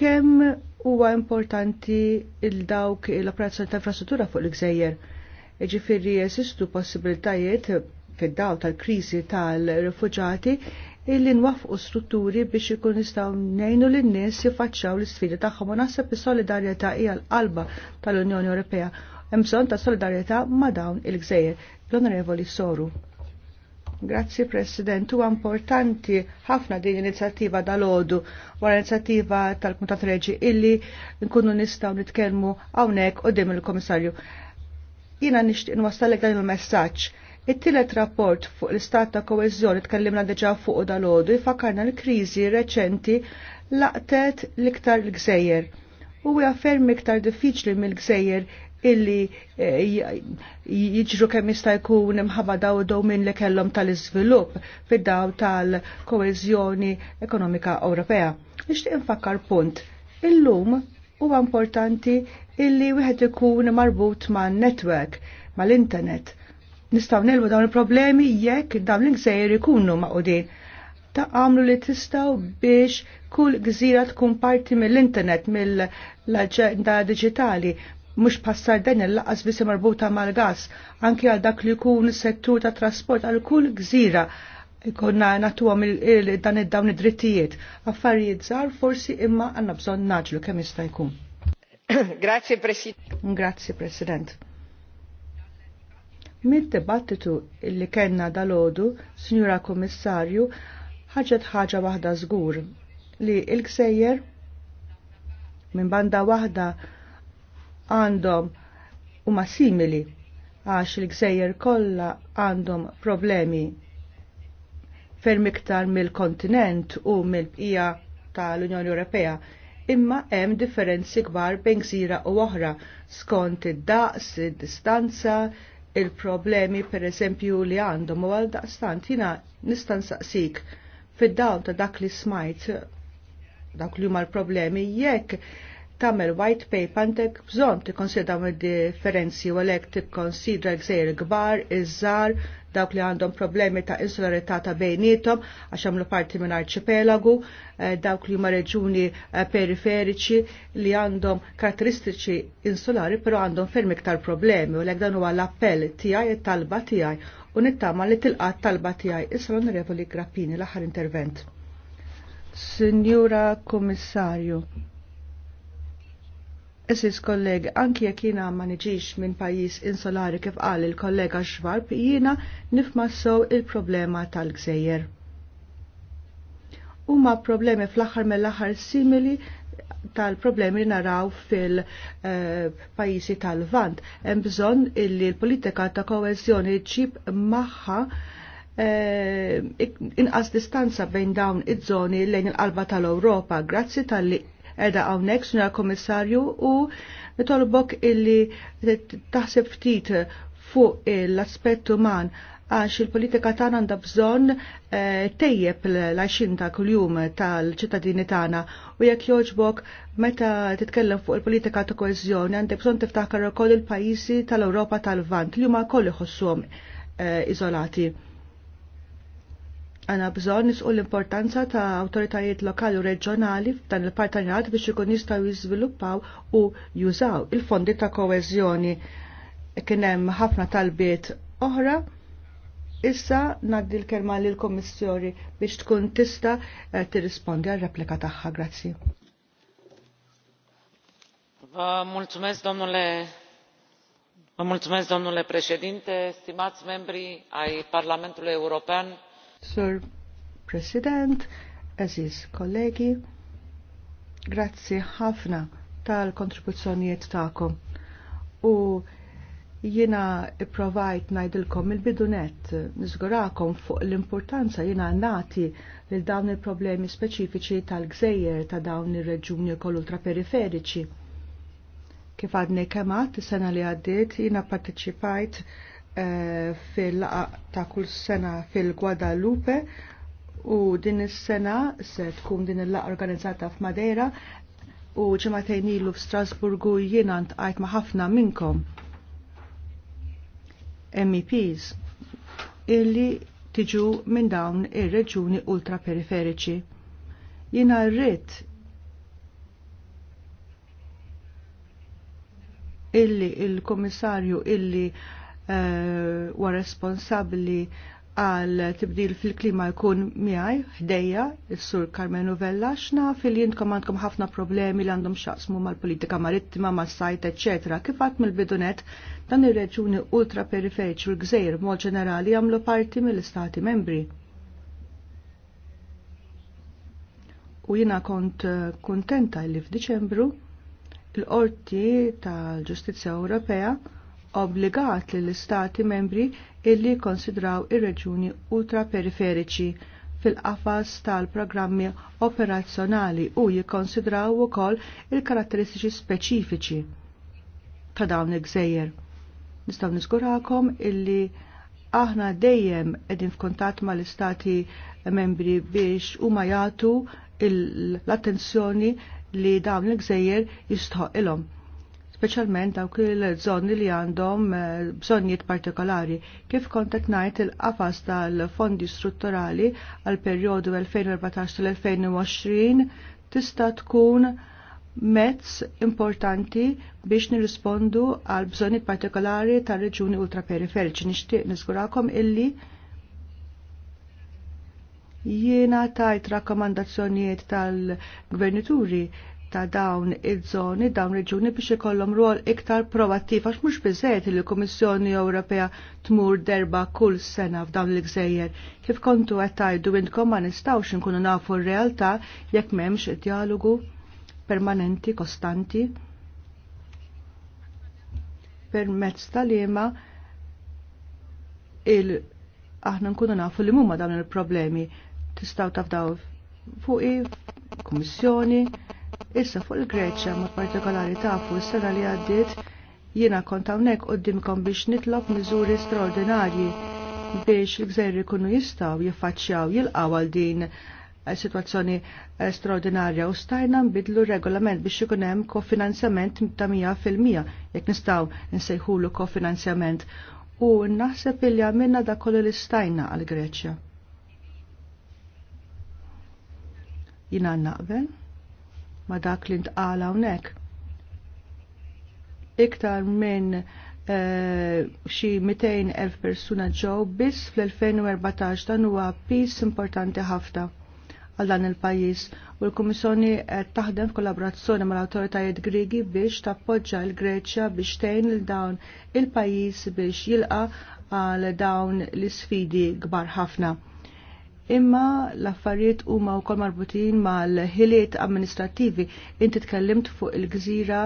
Kemm huwa importanti il-dawk l-operazzjoni ta' infrastruttura fuq l-gżejjer? Ġifieri jesistu possibilitajiet fid-daw tal-kriżi tal-rifuġati illi nwafqu strutturi biex ikun nistgħu ngħinu lin nies jiffaċċjaw l-isfidi tagħhom u naħseb is-solidarjetà hija l-qalba tal-Unjoni Ewropea. Hemm bżonn ta' solidarjetà ma' dawn il-gżejjer. L-Onorevoli Soru. Grazzi President, huwa importanti ħafna din l-inizjattiva dal-ħodu wara inizjattiva tal-Kumitat Reġi illi nkunu nistgħu nitkellmu hawnhekk qudiem il-Komissarju. Jiena nixtieq nwassallek dan il-messaġġ. It-tielet rapport fuq l-istat ta' koeżjoni tkellimna diġà fuq dal-ħodu jfakkarna l-kriżi reċenti laqtet l-iktar l-gżejjer. Huwa ferm iktar diffiċli mill-gżejjer illi eh, jiġru kemm jista' jkun imħabba daw minn li kellhom tal-iżvilupp fid-daw tal-koeżjoni ekonomika Ewropea. Nixtieq infakkar punt. Illum huwa importanti illi wieħed ikun marbut ma' netwerk mal-internet. Nistgħu nilmu dawn il-problemi jekk dawn l-gżejjer ikunu maqudin ta' għamlu li tistaw biex kull gżira tkun parti mill-internet, mill-agenda digitali mhux passar den il-laqas biss marbuta mal-gas, anki għal dak li jkun settur ta' trasport għal kull gżira ikonna il dan id-dawn id-drittijiet. Affarijiet zar forsi imma għandna bżonn naġlu kemm jista' jkun. Grazie President. Grazie President. Mid-debattitu li kellna dal-ħodu, Signora Kommissarju, ħagġet ħaġa waħda żgur li l ksejjer minn banda waħda għandhom huma simili għax il-gżejjer kollha għandhom problemi ferm iktar mill-kontinent u mill-bqija tal-Unjoni Ewropea imma hemm differenzi kbar bejn gżira u oħra skont id-daqs, id-distanza, il-problemi per eżempju li għandhom u għal daqstant jina nistan saqsik fid-dawn ta' dak li smajt dak li huma l-problemi jekk tamel white paper għandek bżonn konsidra id-differenzi u għalhekk tikkonsidra gżejjer kbar, iż-żar, dawk li għandhom problemi ta' insularità ta' bejnietom għax għamlu parti minn arċipelagu, eh, dawk li huma reġuni eh, periferiċi li għandhom karatteristiċi insulari però għandhom ferm iktar problemi u għalhekk dan huwa l-appell tiegħi e talba tiegħi u nittama li tilqat talba tiegħi isra onorevoli Grappini l-aħħar intervent. Signora Kommissarju, Esis kollegi, anki jek jina ma niġix minn pajis insolari kif qal il-kollega xvarb, jina nifma sow il-problema tal-gżejjer. Huma problemi fl-aħħar mill-aħħar simili tal-problemi li naraw fil-pajjiżi eh, tal-Vant. Hemm bżonn illi l-politika ta' koeżjoni ġib magħha eh, inqas distanza bejn dawn iż-żoni lejn il-qalba tal-Ewropa grazzi tal-li edha għawnek, sunja komissarju, u nitolbok illi taħseb ftit fuq l-aspett uman għax il-politika tagħna għandha bżonn eh, tejjeb l-għaxin ta' kuljum tal-ċittadini tagħna u jekk joġbok meta titkellem fuq il-politika ta' koeżjoni għandek bżonn tiftakar ukoll il-pajjiżi tal-Ewropa tal-Vant li huma wkoll iħossuhom eh, iżolati għana bżon nisqu l-importanza ta' autoritajiet lokali u reġjonali f'dan il-partenjat biex ikun jistgħu jiżviluppaw u jużaw il-fondi ta' koeżjoni. Kien hemm ħafna talbiet oħra. Issa ngħaddi l-kelma lil kommissjoni biex tkun tista eh, tirrispondi għal replika tagħha. Grazzi. Mulțumesc, domnule domnule președinte, stimați membri ai Parlamentului European, Sur President, Aziz kollegi, grazzi ħafna tal-kontribuzzjonijiet ta'kom. U jina provajt najdilkom il-bidunet, nizgurakom fuq l-importanza jina nati lil dawn il-problemi speċifiċi tal-gżejjer ta' dawn ir-reġuni kollu ultraperiferiċi. periferiċi kif għadni kemat, sena li għaddit, jina parteċipajt Eh, fil-laqa ta' kull sena fil-Guadalupe u din is-sena se tkun din il-laqa organizzata f'Madeira u ġimagħtejn ilu f'Strasburgu jiena ntqajt ma' ħafna minnkom MEPs illi tiġu minn dawn ir-reġuni ultraperiferiċi. Jiena rrid illi il-komissarju illi huwa responsabbli għal tibdil fil-klima jkun miħaj, ħdejja, il-sur Carmen Novella, xna fil-jintkom għandkom ħafna problemi li għandhom xaqsmu mal-politika marittima, mal-sajt, etc. Kifat mill-bidunet, dan il-reġuni ultra periferiċi u l-gżejr mod ġenerali għamlu parti mill-istati membri. U jina kont eh, kontenta li f'Diċembru il-qorti tal-ġustizja Ewropea obbligat li l-istati membri illi konsidraw ir-reġuni ultraperiferiċi fil-qafas tal-programmi operazzjonali u jikkonsidraw ukoll il-karatteristiċi speċifiċi ta' dawn il-gżejjer. Nistgħu niskurakom illi aħna dejjem qegħdin f'kuntatt mal-istati membri biex huma jagħtu l-attenzjoni li dawn il-gżejjer jistħoq speċjalment dawk il-żoni li għandhom eh, bżonnijiet partikolari. Kif kontet ngħid il-qafas tal-fondi strutturali għal perjodu 2014-2020 tista' tkun mezz importanti biex nirrispondu għal bżonnijiet partikolari tar-reġuni ultraperiferiċi. Nixtieq niżgurakom illi jiena tajt rakkomandazzjonijiet tal-gvernituri ta' dawn iż-żoni, dawn reġuni biex ikollhom rol iktar proattiv għax mhux biżejjed li l-Kummissjoni Ewropea tmur derba kull sena f'dawn l-gżejjer. Kif kontu qed tgħidu intkom ma nistgħux inkunu nafu r-realtà jekk m'hemmx dialogu permanenti, kostanti permezz tal-ema il aħna nkunu nafu li mumma dawn il-problemi tistaw tafdaw fuqi, kummissjoni, Issa fuq il-Greċja ma' partikolari fuq s-sena li għaddiet jiena kont hawnhekk dimkom biex nitlob miżuri straordinarji biex l gżerri kunu jistgħu jiffaċċjaw jilqaw għal din eh, situazzjoni eh, straordinarja u stajna nbidlu regolament biex ikun hemm kofinanzjament ta' mija fil-mija jekk nistgħu nsejħulu kofinanzjament u naħseb illi għamilna da kollu li stajna għal Greċja. Jina naqbel? ma dak li ntqala hawnhekk. Iktar minn eh, xi 200,000 persuna ġew biss fl-2014 dan huwa pis importanti ħafna għal dan il-pajjiż u l-Kummissjoni qed taħdem f'kollaborazzjoni mal-awtoritajiet Griegi biex tappoġġa l-Greċja biex tgħin il dawn il-pajjiż biex jilqa' għal dawn l-isfidi kbar ħafna imma l-affarijiet huma wkoll marbutin mal-ħiliet amministrativi. Inti tkellimt fuq il-gżira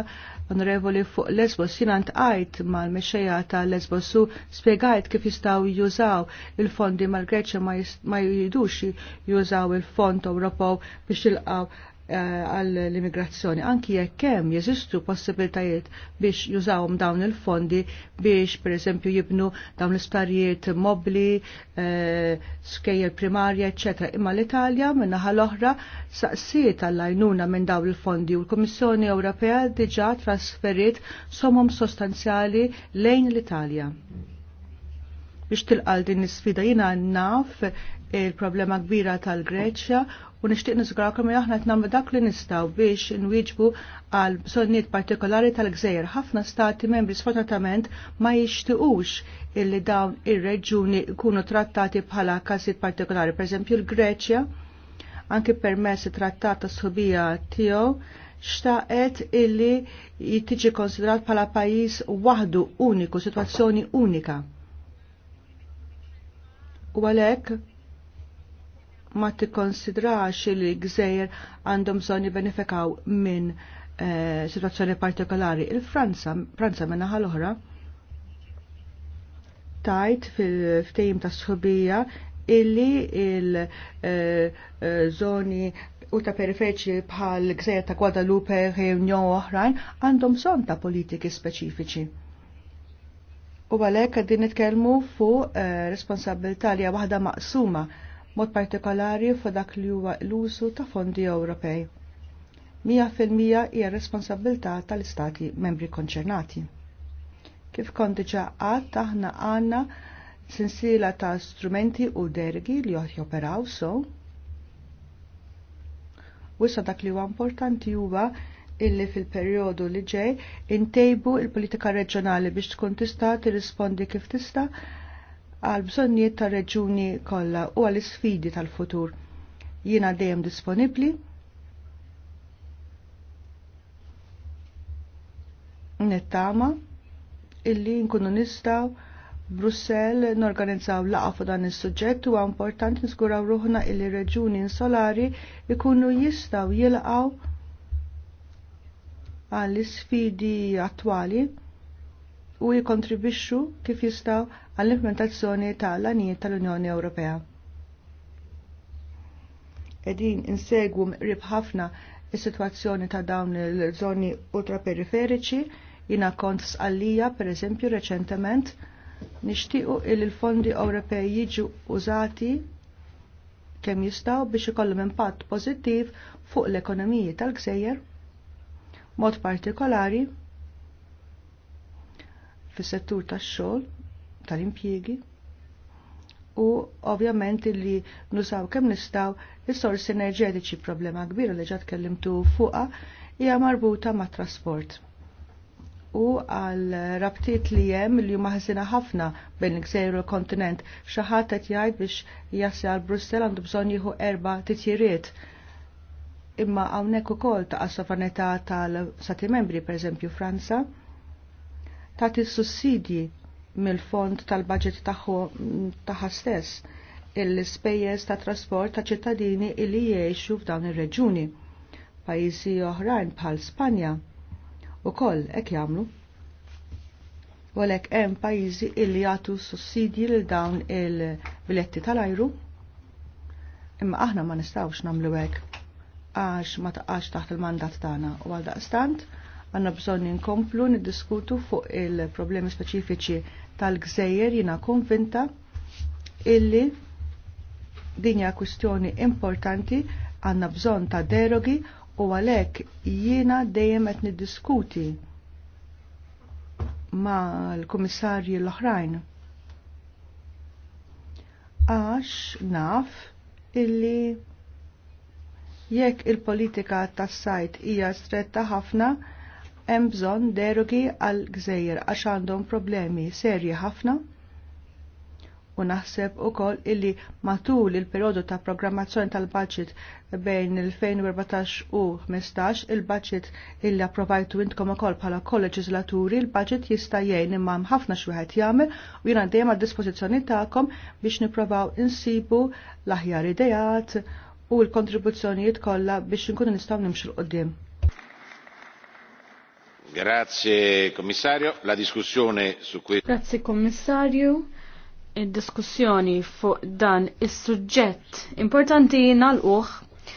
onorevoli fuq Lesbos, jina ntqajt mal-mexxejja ta' Lesbos u spiegajt kif jistgħu jużaw il-fondi mal-Greċja ma, ma jridux jużaw il-fond Ewropew biex jilqaw Eh, għall-immigrazzjoni, anki jekk hemm jeżistu possibiltajiet biex jużawhom dawn il-fondi biex pereżempju jibnu dawn l isparijiet mobli, e, skejjel primarja, eċetera. Imma l-Italja minnaħa l-oħra saqsiet għall-għajnuna minn dawn il-fondi u l-Kummissjoni Ewropea diġà trasferiet somom sostanzjali lejn l-Italja biex tilqal din is sfida jina naf il-problema kbira tal-Greċja u nixtieq nisgrakom li aħna qed nagħmlu dak li nistgħu biex nwieġbu għal bżonnijiet partikolari tal-Gżejjer. Ħafna stati membri sfortunatament ma jixtiqux illi dawn ir-reġuni jkunu trattati bħala każijiet partikolari. Pereżempju l-Greċja anki permess trattat ta' sħubija tiegħu xtaqet illi jittiġi konsiderat bħala pajjiż waħdu uniku, sitwazzjoni unika. U għalhekk ma tikkonsidrax li gżejjer għandhom bżonn jibbenefikaw minn e, situazzjoni partikolari. Il-Franza, Franza minna ħal-oħra, tajt fil-ftejim ta' sħubija illi il-żoni eh, eh, e, e, u ta' periferiċi bħal gżejjer ta' Guadalupe, Reunion oħrajn għandhom bżonn ta' politiki speċifiċi U għalhekk qegħdin nitkellmu fuq eh, responsabilità li waħda maqsuma mod partikolari fuq dak li huwa l-użu ta' fondi Ewropej. Mija fil-mija hija responsabilità tal-istati membri konċernati. Kif kont diġà taħna aħna għandna sinsiela ta' strumenti u dergi li joperaw so. Wissa dak li huwa importanti huwa illi fil-perjodu li ġej intejbu il-politika reġjonali biex tkun tista' tirrispondi kif tista' għal bżonnijiet ta' reġuni kollha u għal isfidi tal-futur. Jiena dejjem disponibbli nittama illi nkunu nistgħu Brussel norganizzaw laqa fuq dan is-suġġett huwa importanti nżguraw ruħna illi reġuni insolari ikunu jistgħu jilqgħu għall sfidi attwali u jikontribixxu kif jistgħu għall-implementazzjoni tal-għanijiet tal-Unjoni Ewropea. Edin insegwu mqrib ħafna is-sitwazzjoni ta' dawn il-żoni ultraperiferiċi jina kont f'sqallija per eżempju reċentement nixtiequ il l-fondi Ewropej jiġu użati kemm jistgħu biex ikollhom impatt pożittiv fuq l-ekonomiji tal-gżejjer mod partikolari fis-settur tax-xogħol tal-impjiegi u ovvjament li nusaw kemm nistgħu is-sorsi enerġetiċi problema kbira li ġat kellimtu fuqha hija marbuta mat trasport u għal rabtiet li hemm li huma ħażina ħafna bejn l-gżejjer u l-kontinent xi ħadd qed jgħid biex jassi għal Brussell għandu bżonn jieħu erba' titjiriet imma hawnhekk ukoll ta' sovranità tal sati membri, pereżempju Franza, tagħti sussidji mill-fond tal-budget tagħha stess il-spejjeż ta' trasport ta' ċittadini li jgħixu f'dawn ir-reġuni. Pajjiżi oħrajn bħal Spanja ukoll hekk jagħmlu. Walek hemm pajjiżi illi jagħtu sussidji lil dawn il-biletti tal-ajru. Imma aħna ma nistgħux nagħmlu hekk għax ma taqax taħt il-mandat tagħna u għal daqstant għanna bżon ninkomplu niddiskutu fuq il-problemi speċifiċi tal-gżejjer jina konvinta illi dinja kwistjoni importanti għanna bżonn ta' derogi u għalhekk jiena dejjem qed niddiskuti ma' l-komissarji l-oħrajn. Għax naf illi Jekk il-politika tas-sajt hija stretta ħafna, hemm bżonn derogi għal gżejjer għax għandhom problemi serji ħafna u naħseb ukoll illi matul il-perjodu ta' programmazzjoni tal-budget bejn il-2014 u 15 il-budget illi approvajtu intkom ukoll bħala kolleġislaturi il-budget jista' jgħin imma ħafna xi wieħed jagħmel u jiena dejjem għad-dispożizzjoni tagħkom biex nipprovaw insibu l-aħjar idejat u l-kontribuzzjonijiet kollha biex inkunu nistgħu nimxu l-qoddim. Grazie Commissario, la discussione su questo. Grazie Commissario, il-diskussjoni e fuq dan is-suġġett importanti nal-uħ